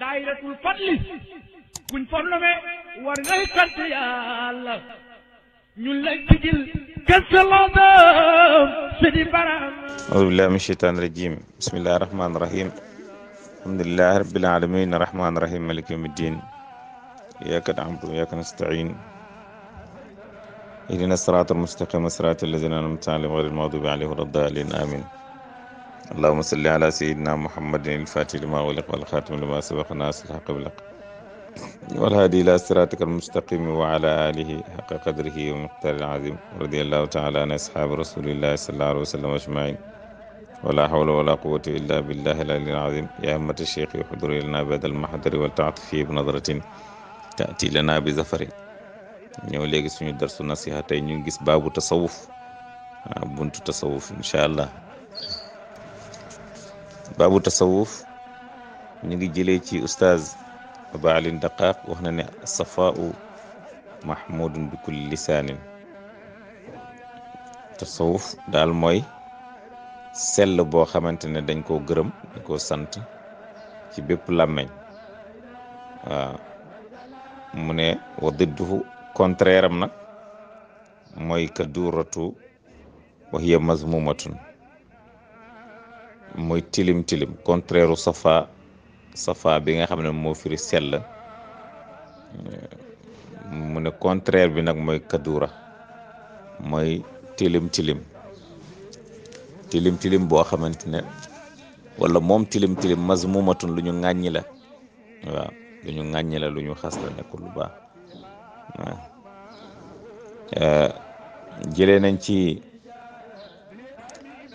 daayiratul fadli buñ fornome war ngay sant yàlla ñun la sigil kësaloodam sidi baram aoudubillahi min sheytaani rajim bismillahi rahmaani rahim alhamdulilahi rabbil alamin rahmaani rahim malik yawmi ddin iyyaka na'budu wa iyyaka nasta'in ihdina siraatal mustaqima siraatal lazina an'amta alayhim ghayril maghdubi alayhim wala ddaalliin amin allahuma salli ala sayidina muhammadin ilfatih lima uliq walxaatimi lima sabaqa naasir xaq bilaq walhaadi ila siratika almustaqimi wa ala alihi xaqa qadrihi wa miqdaari alazim radiallahu taala an ashaabi rasulillahi sallallahu alayhi wa sallam ajmain wala hawla wala quwata illa billahi alali alazim ya himmata cheikh yi xudur lana bi hada almahdari wal taati fii bi nadratin taati lana bi zafarin ñëw léegi suñu darsu nasiha tey ñu ngi gis baabu tasawuf ah, buntu tasawuf incha allah baabu tasawuf ñu ngi jëlee ci ustaaz aba alin daqaaq wax na ne safaau mahmudun bi kulli lisaanin tasawuf daal mooy sell boo xamante ne dañ koo gërëm dañ koo sant ci bépp làmmeñ waaw mu ne wa didduhu contraire am nag mooy ka duuratu wa hiya mazmumatun mooy tilim tilim contraire u safa bi nga xam ne moo firi sell mu ne contraire bi nag mooy kadura mooy tilim tilim tilim tilim boo xamante ne wala moom tilim tilim mazmumatun lu ñu ŋàññi la waaw lu ñu ŋàññi la lu ñu xas la nekkul lu baax waaw eh, nañ ci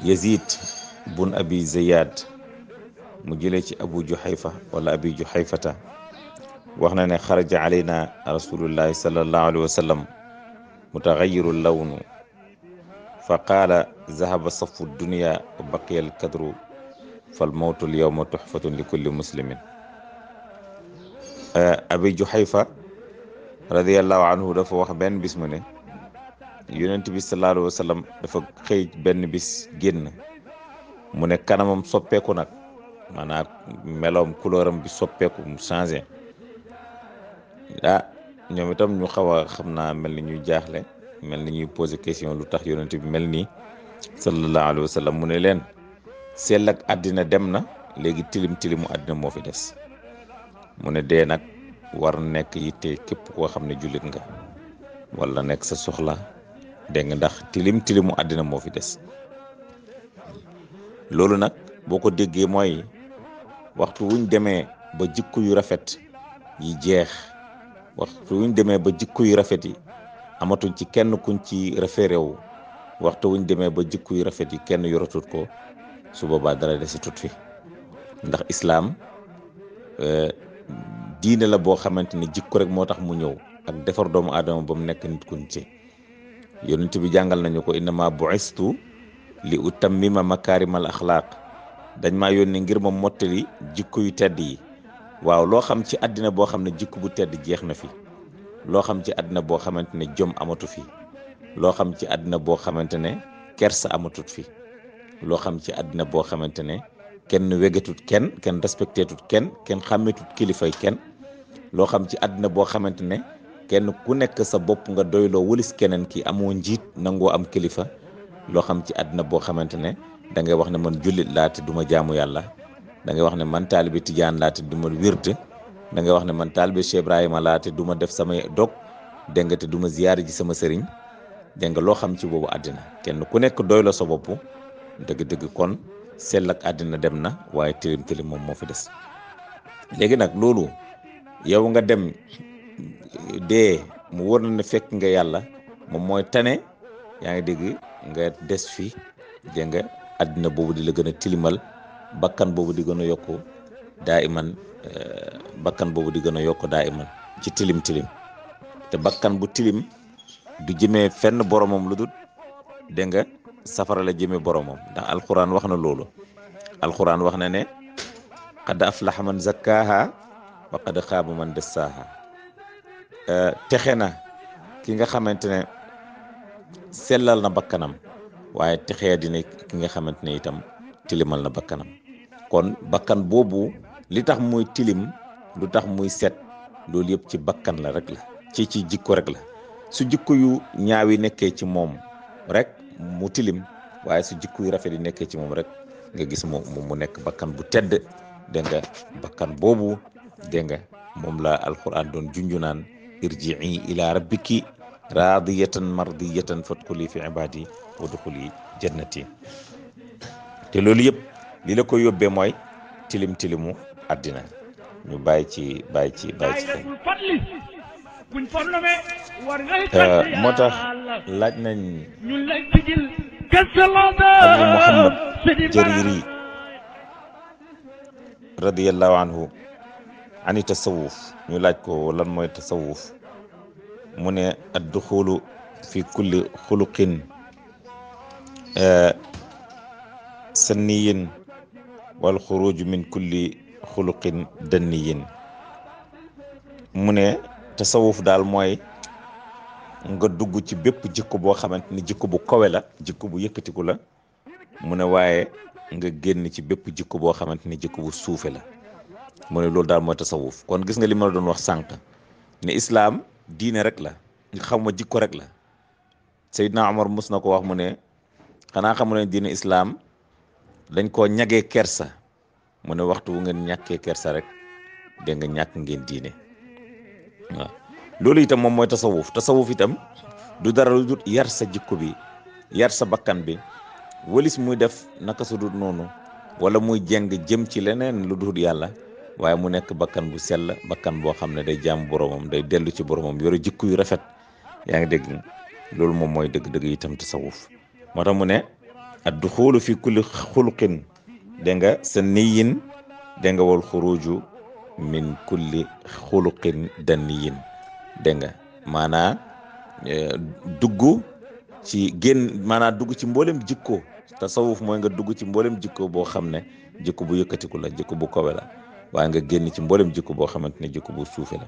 Yazid bun abi ziyad mu jëlee ci abu juhayfa wala abi juhayfata wax na ne xaraja alayna rasulullahi sallallahu alayhi wa sallam mutaxayiru lawnu fa qaala zahaba safu dunia wa baqiya alkadru falmawtu lyawma tuxfatun li kulli muslimin eh, abi juhayfa radiallahu anhu dafa wax benn bis mu ne yonent bi sallallahu alayhi wa sallam dafa xëy benn bis génn mu ne kanamam soppeeku nag maanaam meloom couleur am bi soppeeku mu changé ah ñoom itam ñu xaw a xam naa mel na ñuy jaaxle mel na ñuy posé question lu tax yonent bi mel nii sallallahu alayhi wa sallam mu ne leen sell ak àddina dem na léegi tilim tilimu àddina moo fi des mu ne dee nag war nekk yitte képp koo xam ne julit nga wala nekk sa soxla dégg nga ndax tilim tilimu àddina moo fi des loolu nag boo ko déggee mooy waxtu wuñ demee ba jikko yu rafet yi jeex waxtu wuñ demee ba jikko yu rafet yi amatuñ ci kenn kuñ ci référé waxtu wuñ demee ba jikko yu rafet yi kenn yoratut ko su boobaa dara desi tut fi ndax islaam euh, diine la boo xamante ne jikko rek moo tax mu ñëw ak defar doomu aadama ba mu nekk nit kuñ ci yonent bi jàngal nañu ko innama bu'istu li utammima makaarimal axlaaq dañ maa yónni ngir ma mottali jikko yu tedd yi waaw loo xam ci àddina boo xam ne jikko bu tedd jeex na fi loo xam ci àddina boo xamante ne jom amatu fi loo xam ci àddina boo xamante ne kersa amatut fi loo xam ci àddina boo xamante ne kenn wegetut kenn kenn respectetut kenn kenn xàmmetut kilifay kenn loo xam ci àddina boo xamante ne kenn ku nekk sa bopp nga doyloo wëlis keneen ki amoo njiit nangoo am kilifa loo xam ci àdduna boo xamante ne da ngay wax ne man julit laa te duma ma yàlla da ngay wax ne man taalibe tijaan laa te du ma wérte da ne man taalibe Cheikh Ibrahima laa te du ma def samay dog dégg nga te du ma ziyaar ji sama sëriñ dégg nga loo xam ci boobu àddina kenn ku nekk doy la sa bopp dëgg kon sell ak àddina dem na waaye tilim tilim moom moo fi des léegi nag loolu yow nga dem dee mu wër na ne fekk nga yàlla moom mooy tane yaa ngi dégg nga des fi dégg nga àddina boobu di la gën a tilimal bakkan boobu di gën a yokku daa iman euh, bakkan boobu di gën a yokku daa iman ci tilim tilim te bakkan bu tilim du jëmee fenn boromam lu dul dégg nga safara la jëmee boromam ndax alxuraan wax na loolu alxuraan wax na ne qad aflaha man zakkaaha wa qad xaaba man dassaaha euh, texe ki nga xamante sellal na bakkanam waaye texee dina ki nga xamante ne itam tilimal na bakkanam kon bakkan boobu li tax muy tilim lu tax muy set loolu yëpp ci bakkan la rek la ci ci jikko rek la su jikko yu ñaaw yi nekkee ci moom rek mu tilim waaye su jikko yu rafet yi nekkee ci moom rek nga gis mu mu nekk bakkan bu tedd dégg nga bakkan boobu dégg nga moom la alquran doon junju naan irji'i ila rabbiki raadiyatan mardiyatan fadxuli fi ibaadi wa duxuli jannati te loolu yëpp li la ko yóbbee mooy tilim tilimu àddina ñu bàyyi ci bàyyi ci bàyyi ci xel eh, moo tax laaj nañ Abu Muhammad Jariri radiyallahu anhu ani tasawuf ñu laaj ko lan mooy tasawuf mu ne a duxulu fi kulli xuluqin e, sanniyin wal xuruju min kulli xuluqin danniyin mu ne tasawuf daal mooy nga dugg ci bépp jikko boo xamante ni jikko bu kowe la jikko bu yëkkatiku la mu ne waaye nga génn ci bépp jikko boo xamante ni jikko bu suufe la mu ne loolu daal mooy tasawuf kon gis nga li ma doon wax sànq ne islaam diine rek la xam ma jikko rek la Seydina Omar mos na ko wax mu ne xanaa xamu ne diine islaam dañ koo ñagee kersa mu ne waxtu wu ngeen ñàkkee kersa rek dégg nga ñàkk ngeen diine waaw loolu itam moom mooy tasawuf tasawuf itam du dara lu dul yar sa jikko bi yar sa bakkan bi wëlis muy def naka su noonu wala muy jeng jëm ci leneen lu dul yàlla waaye mu nekk bakkan bu sell bakkan boo xam ne day jaam boromam day dellu ci boromam yore jikko yu rafet yaa ngi dégg loolu moom mooy dëgg-dëgg itam tasawuf moo tax mu ne ad duxulu fi kulli xuluqin dégg nga sa niyin dégg nga wal xuruju min kulli xuluqin daniyin dégg nga maanaa e, dugg ci génn maanaa dugg ci mboolem jikko tasawuf mooy nga dugg ci mboolem jikko boo xam ne jikko bu yëkkatiku la jikko bu kowe la waaye nga génn ci mboolem jikko boo xamante ne jikko bu suufe la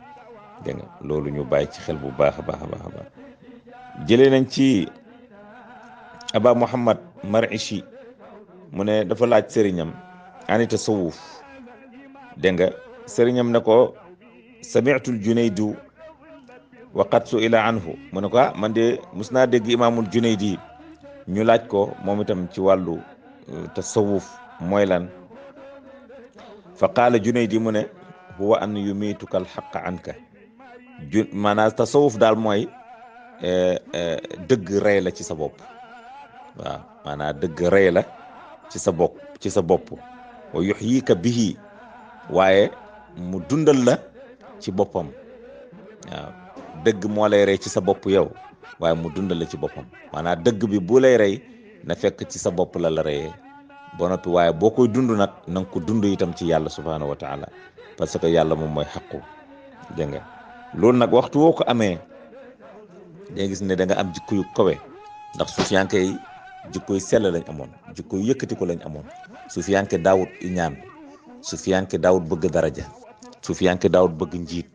nga loolu ñu bàyyi ci xel bu baax a baax a baax a nañ ci aba muhammad marishi mu ne dafa laaj sëriñam ani tasawuf dégg nga sëriñam ne ko sami'tul junaydu waqat su ila anhu mu ko ah man de mus naa dégg imaamul junaydi ñu laaj ko moom itam ci wàllu euh, tasawuf mooy lan fa qaala Junayd mu ne huwa an yumituka alxaqa anka ju maanaam tasawuf daal mooy eh, eh, dëgg rey la ci sa bopp waaw maanaam dëgg rey la ci sa bopp ci sa bopp wa yuxyika bihi waaye mu dundal la ci boppam waaw dëgg moo lay rey ci sa bopp yow waaye mu dundal la ci boppam maanaam dëgg bi bu lay rey na fekk ci sa bopp la la reyee ba noppi waaye boo koy dund nag na nga ko dund itam ci yàlla subhaanahu wa taala parce que yàlla moom mooy xaqu dégg nga loolu nag waxtu woo ko amee day gis ne danga nga am jikko yu ndax suufiyanke yi jikko yu sell lañ amoon jikko yu yëkkati ko lañ amoon suufiyanke daawut iñaan suufiyanke daawut bëgg daraja suufiyanke daawut bëgg njiit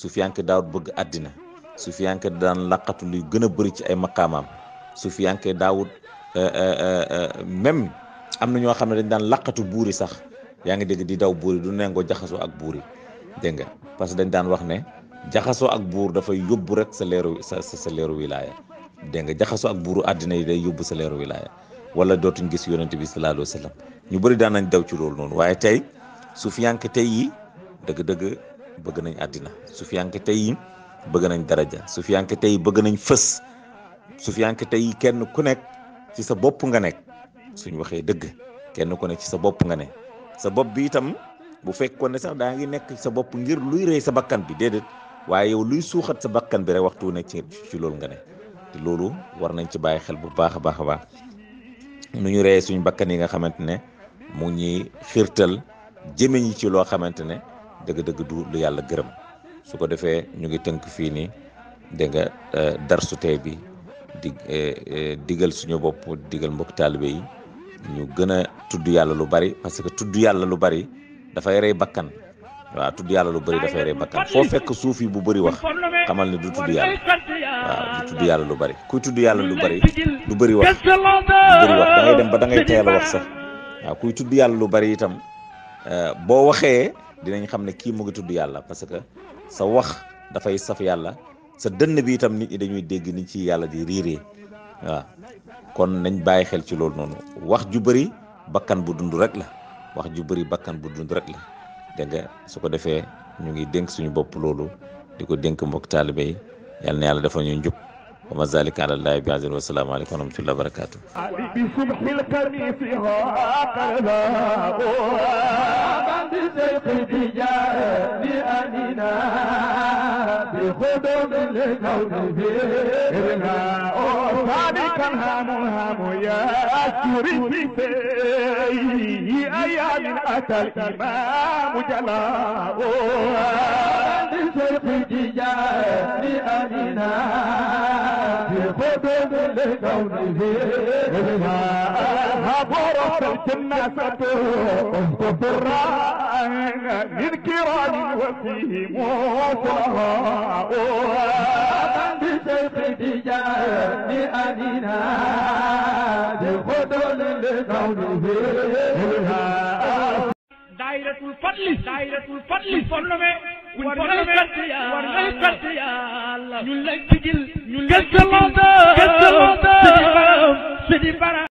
suufiyanke daawut bëgg àddina suufiyanke daan laqatu luy gën a bëri ci ay maqaamaam suufiyanke daawut euh, euh, euh, même am na ñoo xam ne dañ daan buur yi sax yaa ngi dégg di daw buuri du nengoo jaxasoo ak buuri dégg nga parce que dañ daan wax ne jaxasoo ak buur dafay yóbbu rek sa leeru sa sa leeru wilaaya dégg nga jaxasoo ak buuru àddina yi day yóbbu sa leeru wilaaya wala dootuñ gis yonent bi sa alayhi wa sallam ñu bëri daan nañ daw ci loolu noonu waaye tey sufiyanke tey yi dëgg-dëgg bëgg nañ àddina sufiyanke tey bëgg nañ daraja sufiyanke tey yi bëgg nañ fës sufiyanke tey yi kenn ku nekk ci sa bopp nga nekk suñ waxee dëgg kenn ku ne ci sa bopp nga ne sa bopp bi itam bu fekkoon ne sax daa ngi nekk sa bopp ngir luy rey sa bakkan bi déedéet waaye yow luy suuxat sa bakkan bi rek waxtu ne ci ci loolu nga ne te loolu war nañ ci bàyyi xel bu baax a baax a baax nu ñu reyee suñu bakkan yi nga xamante ne mu ñuy xiirtal jëme ñi ci loo xamante ne dëgg-dëgg du lu yàlla gërëm su ko defee ñu ngi tënk fii nii dégg nga euh, darsu tey bi di euh, euh, digal suñu bopp digal mbokk taalibe yi ñu gën a tudd yàlla lu bari parce que tudd yàlla lu bari dafay rey bakkan waa tudd yàlla lu bari dafay rey bakkan foo fekk suuf yi bu bari wax xamal ne du tudd yàlla waaw yàlla lu bari kuy tudd yàlla lu bari du bari wax du dem ba da ngay teel a wax sax waaw tudd yàlla lu bari itam euh, boo waxee dinañ xam ne kii mu tudd yàlla parce que sa wax dafay saf yàlla sa dënn bi itam nit ñi dañuy dégg ni ci yàlla di riiree waaw kon nañ bàyyi xel ci loolu noonu wax ju bëri bakkan bu dund rek la wax ju bëri bakkan bu dund rek la dégg nga su ko defee ñu ngi dénk suñu bopp loolu di ko dénk mbokk taalibe yal na yàlla dafa ñu njub wa ma zalika ala llahi bi aziz wa salaamu aleykum wa rahmatullahi wa barakatuh bi subhil qamisiha علينا بخدم لكونه إرنا ثابت هام هام يا أسري في أيام أتى الإمام جلاء لشيخ جيان أمنا بخدم لكونه إرنا هبرت الجنة تهتف الراء الأهل من كرام وفيه موت الهواء بشيخ تجار أنينا بخدل لقوله دائرة الفضل دائرة الفضل فنمي ونحن كرتيا يا الله نلقي جل نلقي جل الله جل الله سيدي برا